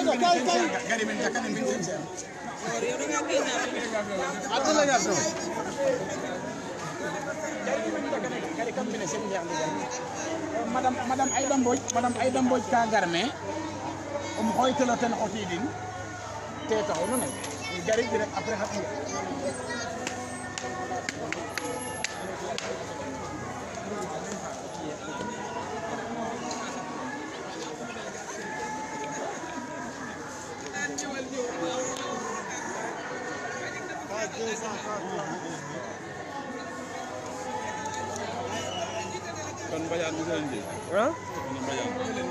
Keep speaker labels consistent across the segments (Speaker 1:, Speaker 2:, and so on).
Speaker 1: madame
Speaker 2: madame Aïda Mbodj madame Aïda Mbodj ka ngarme um xoytelo ten xotidin te taxu nu ne garid rek après xat kon Mbadiane bi sëriñ bi. ah. Mbadiane.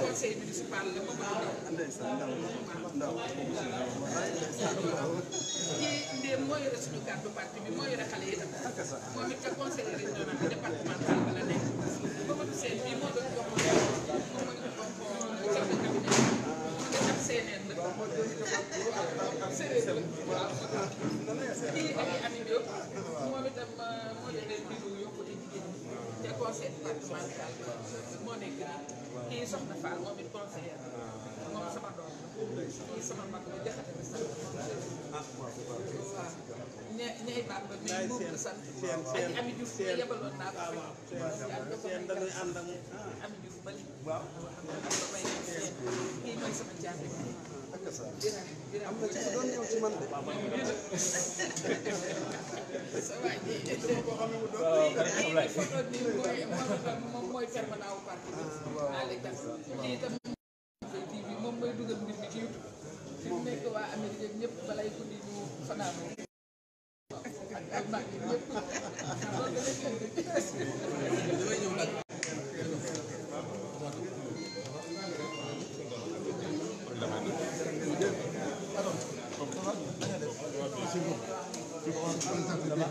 Speaker 2: conseil municipal la ma ndaw ndaw mooy yore suñu carte conseil départemental moo nekk nii kii soxna Fall moom it conseiller moom sama doom kii sama mag la jaxate bi sant ña ñay baat ba mi buub di sant ak Ami Diouf ma yebaloon naa ko fekk dañuy ànd ak Ami Diouf ba li waaw kii mooy sama jàmbi am na ci ku doon ñëw ci man de. moom mooy permanent wu parti bi. waaw moom mooy dugal mbir mi ci YouTube. fi mu nekk waa Amérique ñëpp balay guddi ñu fanaan ak ak mag ñëpp.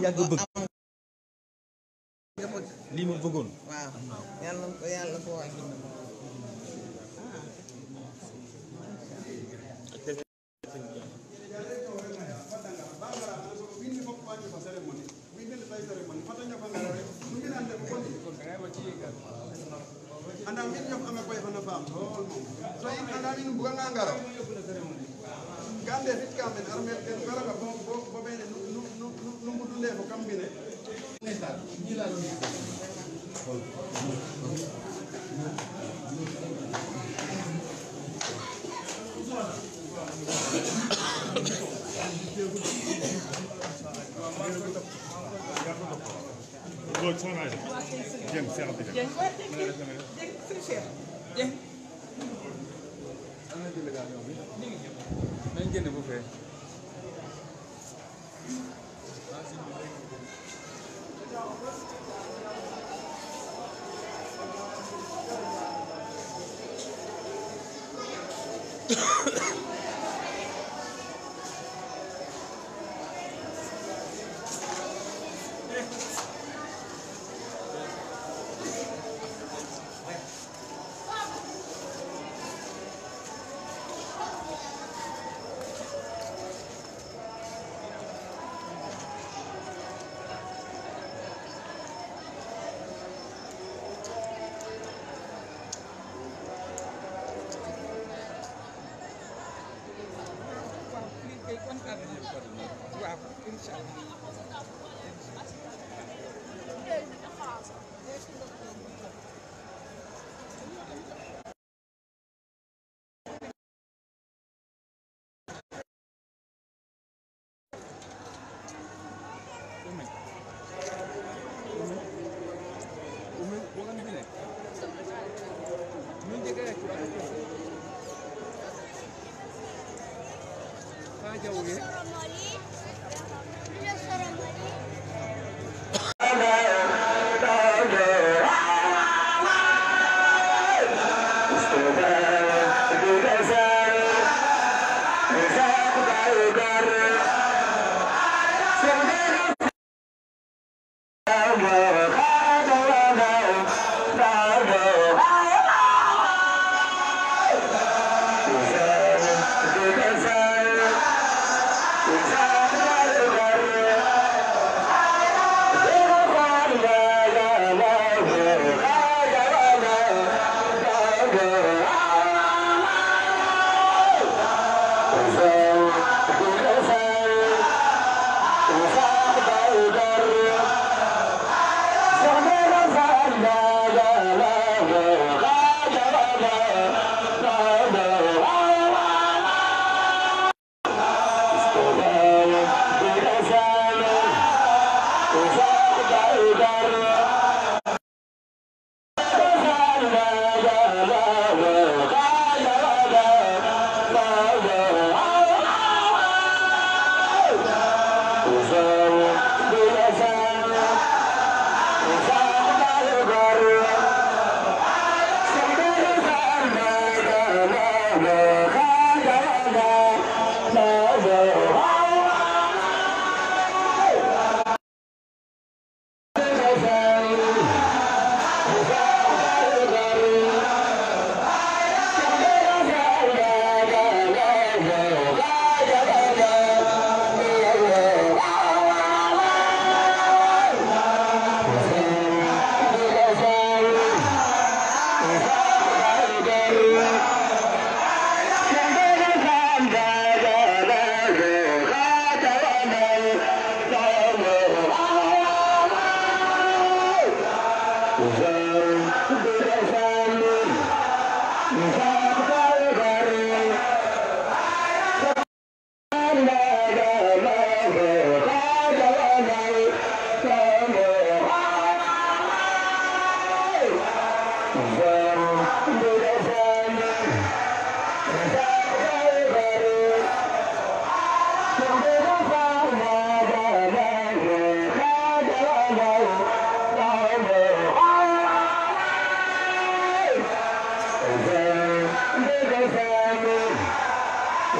Speaker 2: yàgg bëgg lii ma bëggoon waaw yàlla ko yàlla ko wax anda ah. min ñof ame koy xana faam lool moom so anda min buga nga ngaro kam de fit kam men armel kambine netal jila
Speaker 1: Good, so nice. Jim, set up the Jim, what did you say? Jim. I'm going to get a buffet. you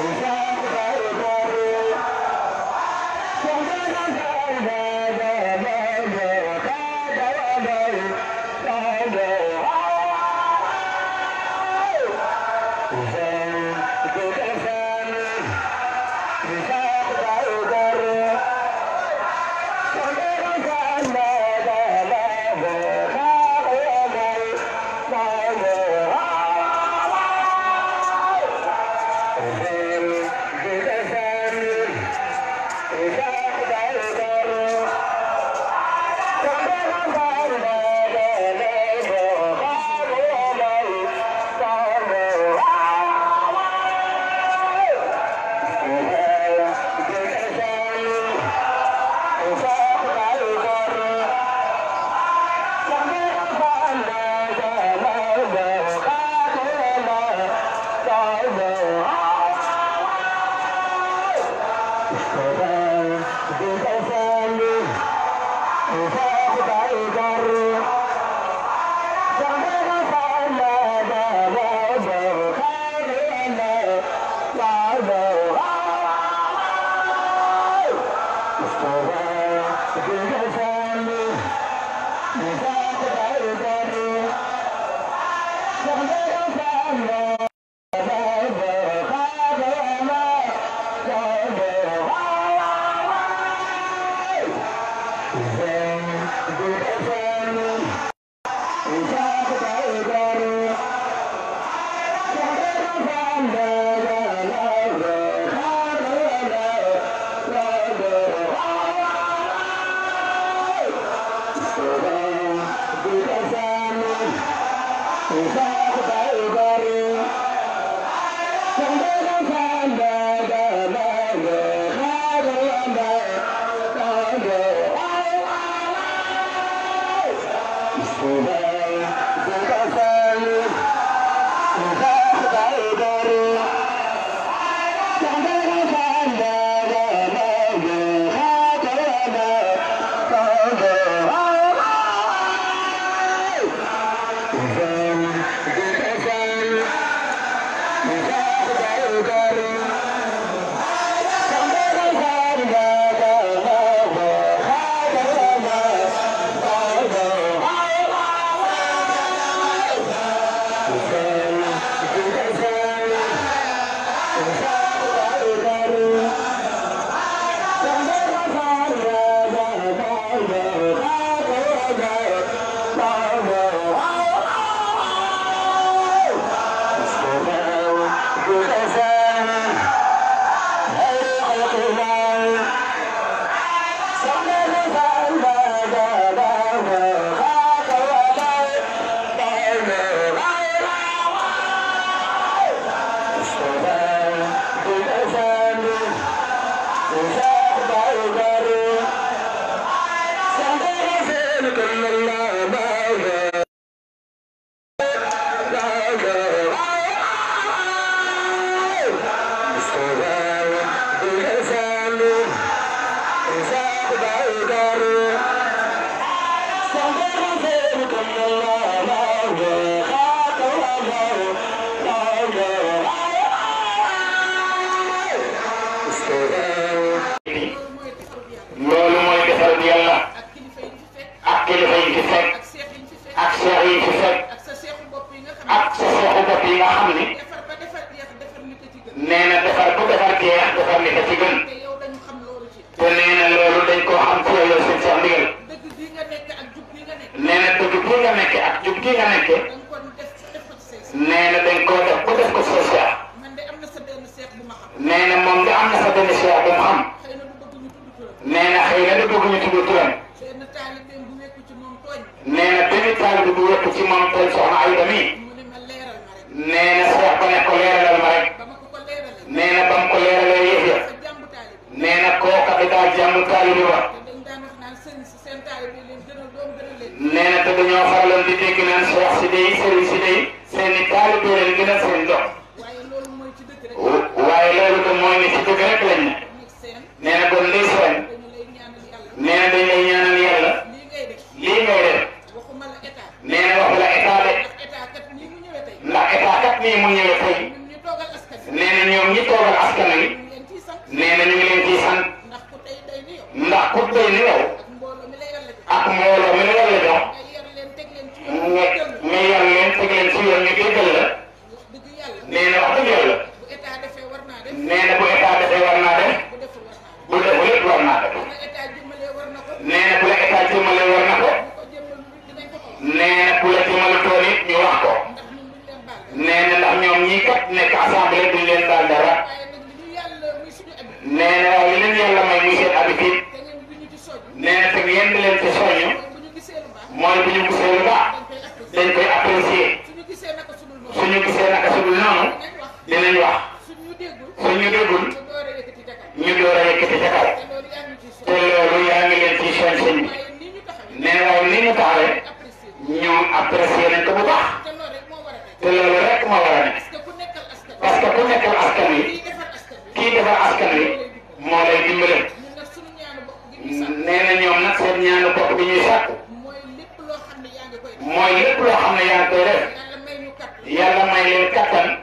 Speaker 1: Oh, yeah.
Speaker 2: Gracias.
Speaker 1: faral di dégg naan Cheikh si day sëriñ si
Speaker 2: day seen i taalibe leen gën a seen dox waaye loolu de mooy ne ci dëgg rek lañ ne nee lii seen nee na dañ lay ñaanal lii ngay def nee na la état ndax état kat nii mu ñëwee tey nee na ñoom ñi toogal askan wi nee na ñu leen ciy ndax ku tey ni yow dinañ wax
Speaker 1: suñu degul,
Speaker 2: ñu door a yëkkati yang kaw te loolu yaa ngi leen ci seen sëñ bi mais waaye ni ñu taxawee ñoom apprécié nañ ko bu baax
Speaker 1: te loolu
Speaker 2: rek moo war a nekk parce que ku nekkal askan wi kii defar askan wi moo lay dimbale nee na ñoom nag seen ñaanu bopp bi ñuy sàkk
Speaker 1: mooy lépp loo xam ne yaa ngi koy def yàlla may leen kattan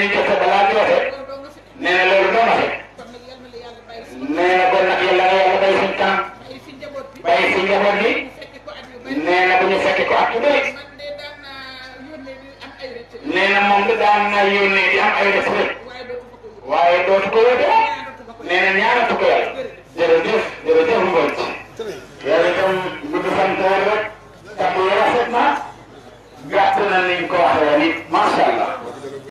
Speaker 2: নিজেকে